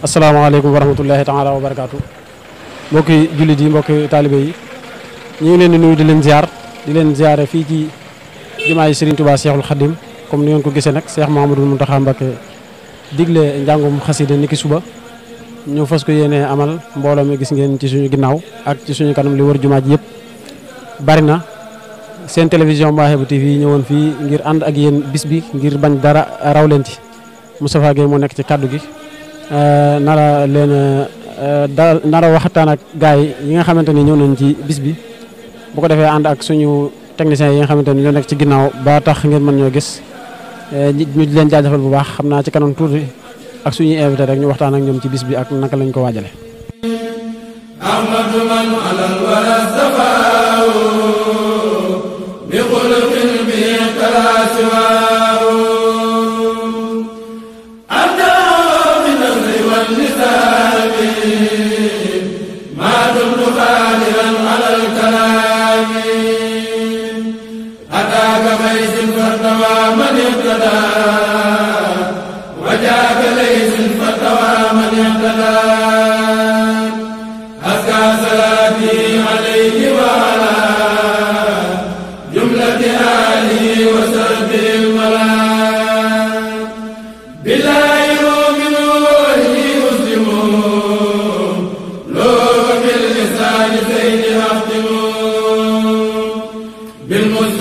Assalamualaikum warahmatullahi taala wabarakatuh. mbokki jullit yi mbokki talibé yi ñi ngi leen di nuyu di leen ziar di leen ziaré fi ci jumaay Serigne Touba Cheikhul Khadim comme ni ngeen ko gissé nak Cheikh Mouhamadou Mbacké digle njangum xasida niki suba ñu fass ko amal mbolo mi gis ngeen ci suñu ginnaw ak ci suñu kanam li wër jumaa ji yëpp bari na télévision Mawahibou TV ñewon fi ngir and ak yeen bis bi ngir bañ dara rawlenti leen ci Moustapha Gueye ci kaddu gi Euh, nara leen euh, da nara waxtaan ak gars yi yi nga xamante ni ñëw nañu ci bis bi boo ko defee ànd ak suñu techniciens yi nga xamante ni ñoo nekk ci ginnaaw ba tax ngeen mën ñoo gis euh, ñu leen jaajëfal bu baax xam naa ci kanam tuuti ak suñuy invité rek ñu waxtaan ak ñoom ci bis bi ak naka lañ ko waajale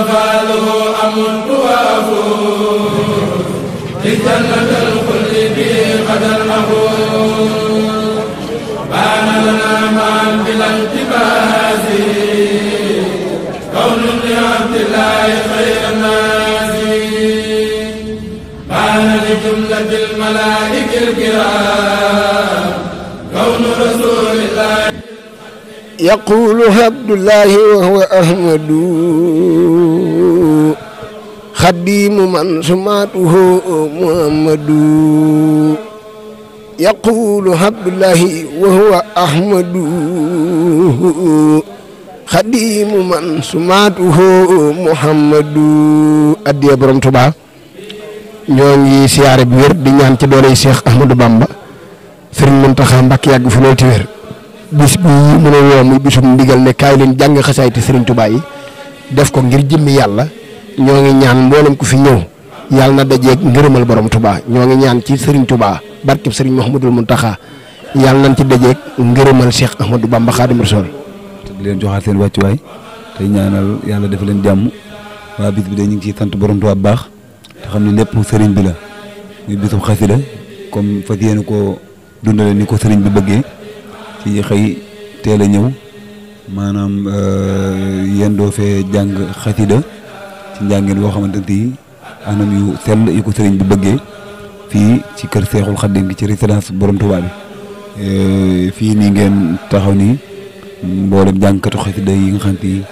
ففاله أمر كواه لجنة الخلد قد الأبو بان لنا معا بلا التباس كون لعبد الله خير الناس بان لجملة الملائكة الكرام كون رسول الله يقول عبد الله وهو أحمد خديم من سماته محمد يقول عبد الله وهو أحمد خديم من سماته محمد أدي برم تبا ñoo ngi bi di ñaan ci Cheikh Ahmadou Bamba Serigne Mountakha Mbacké yàgg fi bis bi mu ne woo muy bisum ndigal ne kaay leen jàng xasaayiti Serigne Touba yi def ko ngir jëmmi yàlla ñoo ngi ñaan mboolem ku fi ñëw yàlla na dajeeg ngërëmal borom Touba ñoo ngi ñaan ci Serigne Touba barkeb Serigne Mouhamadul Mountakha yàlla nañ ci dajeeg ngërëmal Cheikh Ahmadou Bamba Khadim Rasoul. te di leen joxaat seen wàccuwaay tey ñaanal yàlla def leen jàmm waa bis bi de ñu ngi ciy sant borom Touba bu baax te xam ne lépp Serigne bi la muy bisum xasida comme fas yéene koo dundale ni ko Serigne bi bëggee. ci xëy teel a ñëw maanaam euh, yendoo fee jàng xasida ci njàngeen boo xamante ni anam yu sell yu ko sëriñ bi bëggee fii ci kër Seexul Xaddim ci résidence borom Tuubaa bi euh, fii nii ngeen taxaw mboole mboolem jàngkatu xasida yi nga xam yi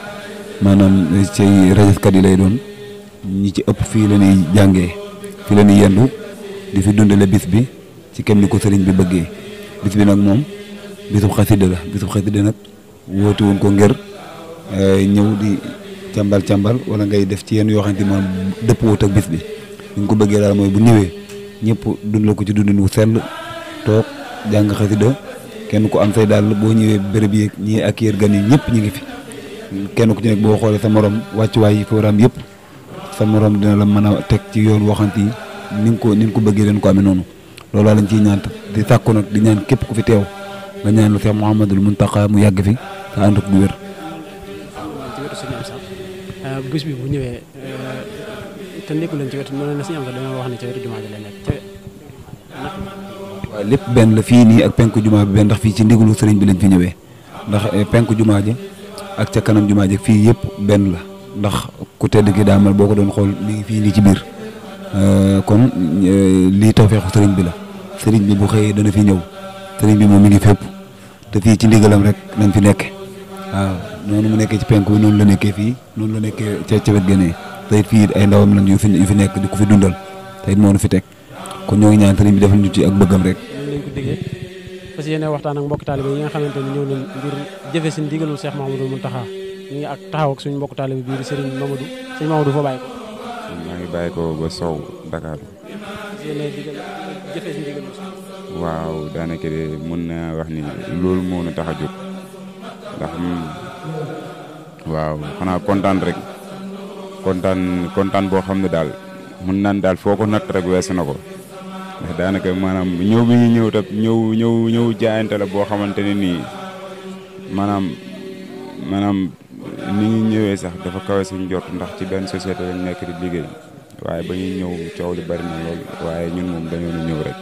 maanaam ci rajaskat yi lay doon ñi ci ëpp fii la ñuy jàngee fii la ñuy yendu di fi dundale bis bi ci kem ni ko sëriñ bi bëggee bis bi nag moom bisub xasida la bisub xasida nag wotu won ko ngir eh, ñëw di càmbal càmbal wala ngay def ci yeen yo xanti mo depp dëpp wut ak bis bi ñu ko bëgge dal moy bu ñëwee ñëpp dund la ko ci dundinu sel tok jang jàng xasida kenn ko am fay dal bo ñëwee bërb yi ñi ak yër gani ñëpp ngi fi kenn ku ci nek bo xolé sa morom way yi ram yëpp sa morom dina la mëna tek ci yoon wo xanti ni ko ni ko bëgge leen ko amee nonu lolu lañ ciy ñaan di takku nak di ñaan kep ku fi tew بنيان لثيام محمد المنطقة مياقفى عندك بير بس بيبني تنيك ولا تجارة من الناس يعمل دلنا وحنا تجارة جماعة دلنا لب بن لفيني أكبين كجماعة بين رفيق تنيك ولا سرين بن فيني به ده بين كجماعة أكتر كلام جماعة في يب بين لا ده كتير دكتور دامل بوكو دون خال لي في لي كبير كون لي توفي خسرين بلا سرين بيبوخي دون فيني sëriñ bi moom mi ngi fépp te fii ci ndigalam rek lañ fi nekk waaw noonu mu nekkee ci penk bi noonu la nekkee fii noonu la nekkee ca ca wet gënee te it fii ay ndawam lañ yu fi fi nekk di ko fi dundal te it moo nu fi teg kon ñoo ngi ñaan bi defal ñu ci ak bëggam rek. lañ waxtaan mbokk taalibe yi nga xamante ni ñëw nañ ngir jëfe si ndigalul Cheikh Mahamadou Mountakha ñu ngi ak taxaw ak suñu mbokk taalibe bii di sëriñ Mamadou sëriñ Mamadou foo bàyyi ko. maa ngi bàyyi ko ba soow Dakar. fas yéene digal jëfe waaw daanaka de mën naa wax ni loolu moo nu tax a jóg ndax hmm, waaw xanaa kontaan rek kontaan kontaan boo xam ne daal mën naan daal foo ko natt rek weesu na ko ndax daanaka maanaam ñëw bi ñu ñëw tam ñëw ñëw ñëw jaayante la boo xamante ne nii maanaam maanaam ni ñu ñëwee sax dafa kawe suñu jot ndax ci benn société lañ nekk di liggéey waaye ba ñuy ñëw coow li bari na lool waaye ñun moom dañoo ñëw rek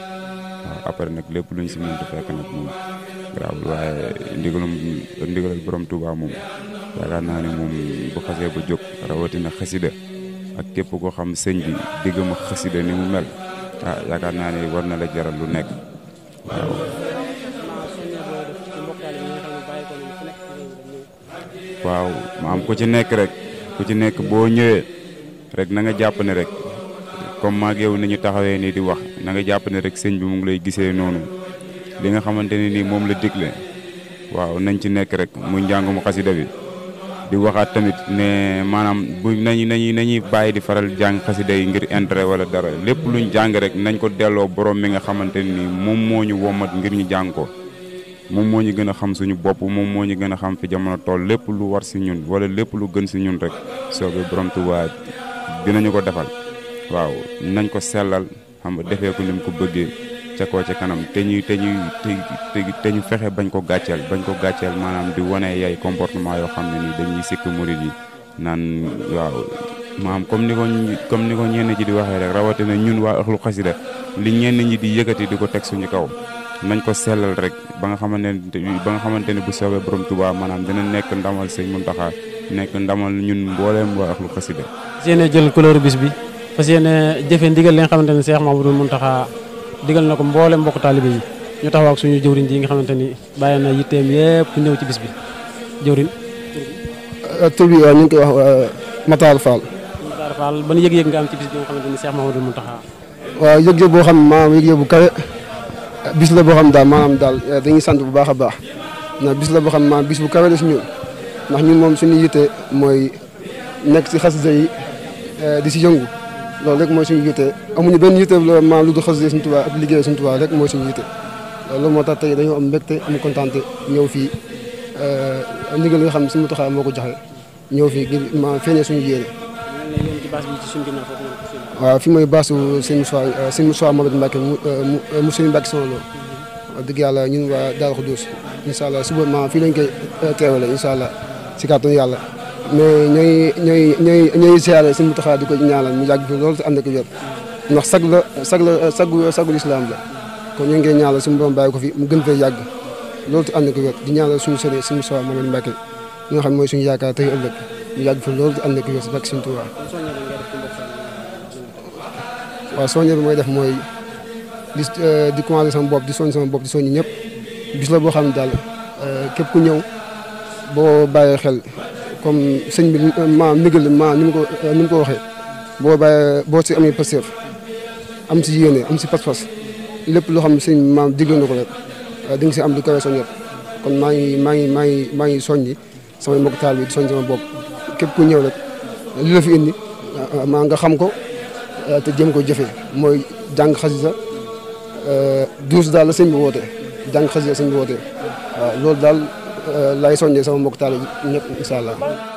waaw ah, après nag lépp luñ si mënti fekk nag moom garaawul waaye ndigalum ndigalal borom Touba moom yaakaar naa ne moom bu xasee ba jóg rawatina xasida ak képp koo xam sëñ bi diggam ak xasida ni mu mel ah yaakaar naa war na la jaral lu nekk waaw. waaw maam ku ci nekk rek ku ci nekk boo ñëwee rek na nga jàpp ne rek comme ma yow ni ñu taxawee di wax na nga japp ne rek señ bi mu ngi lay gisé nonu li nga xamanteni ni mom la diglé waaw nañ ci nekk rek muy njàngum xasida bi di waxat tamit ne manam, bu nañ nañ nañ bayyi di faral jàng xasida yi ngir intérêt wala dara lepp luñ jàng rek nañ ko delloo borom mi nga xamanteni ni mom moom nyi womat ngir ñu jàng ko moom moñu gëna xam suñu bop moom moñu gëna xam fi jamono tool lepp lu war ci ñun wala lepp lu gën ci ñun rek soobee borom Tuubaa dinañu ko defal waaw nañ ko sellal xam nga defee ko nim ko bëggee ca tenyu ca kanam te ñuy te ñuy te te ñu fexe bañ ko gàcceel bañ ko gàcceel maanaam di wane yay comportement yoo xam ne dañuy sikk murid yi naan waaw maam comme ni ko comme ni ko ñenn ji di waxee rek rawatina ñun waa ëxlu xasida li ñenn ñi di yëkkati di ko teg suñu kaw nañ ko sellal rek ba nga xamante ba nga xamante ne bu soobee borom tuba maanaam dina nekk ndamal sëñ muntaxa nekk ndamal ñun mbooleem waa ëxlu xasida. jël couleur bis bi. fas yéene jëfe ndigal li nga xamante ni Cheikh Mamadou Mountakha digal na ko mboolem mbokk taalibe yi ñu taxaw ak suñu jëwriñ ji nga xamante ni bàyyi na yitteem yëpp ñëw ci bis bi jëwriñ. Euh, tur bi waaw euh, ñu ngi koy wax euh, Matar Fall. Matar Fall ban yëg-yëg nga am ci bis bi nga xamante ni Cheikh Mamadou Mountakha. waaw yëg-yëg boo xam ne maanaam yëg-yëg bu kawe bis la boo xam daal maanaam daal dañuy sant bu baax a baax ndax bis la boo xam maanaam bis bu kawe la si ñun ndax ñu moom suñu yitte mooy nekk si xasida yi si yëngu. loolu rek mooy suñu yitte amuñu benn yitte vraiment lu du xasida Sëriñ Tuubaa ak liggéey Sëriñ Tuubaa rek mooy suñu yitte loolu moo tax tey dañoo am mbégte am kontaante ñëw fii euh, ndigal li nga xam ne suñu Muntaxaa moo ko joxe ñëw fii ngir ma feeñee suñu yéene. waaw fi mooy baasu sëñ Moussa euh, sëñ Moussa Mouhamed Mbacke mu euh, mu sëñ Mbacke Sow loolu. wax dëgg yàlla ñun waa Darou Khoudoss incha allah suba ma fii lañ koy teewale incha allah si kàttanu yàlla. mais ñooy ñooy ñooy ñooy siyaare suñu Muntaxa di ko ñaanal mu yàgg fi loolu te ànd ak wér ndax sag la sag la sagu sagu lislaam la kon ñu ngi koy ñaanal suñu borom bàyyi ko fi mu gën fee yàgg loolu te ànd ak wér di ñaanal suñu sëriñ suñu sowa Mamadu Mbàkke li nga xam mooy suñu yaakaar tey ëllëg mu yàgg fi loolu te ànd ak wér si bàkk suñu Tuubaa waaw soññe bi mooy def mooy di di commencé sama bopp di soññ sama bopp di soññ ñëpp bis la boo xam ne daal képp ku ñëw boo bàyyee xel comme sëñ bi ma ndigal ma ni mu ko ni ko waxee booba bàyyee boo si amee pasteef am si yéene am si pas-pas lépp loo xam ne sëñ maam digle na ko rek ah, di si am di kawe sa ñett kon maa ngi maa ngi maa ngi maa ngi soññi samay mbokk taal bi soññ sama bopp képp ku ñëw rek li la fi indi ah, ah, maa nga xam ko te jëm ko jëfee mooy jàng xasida douze daal la sëñ bi woote jàng xasida sëñ bi woote loolu daal Euh, laay soññee sama mbokk taal ñëpp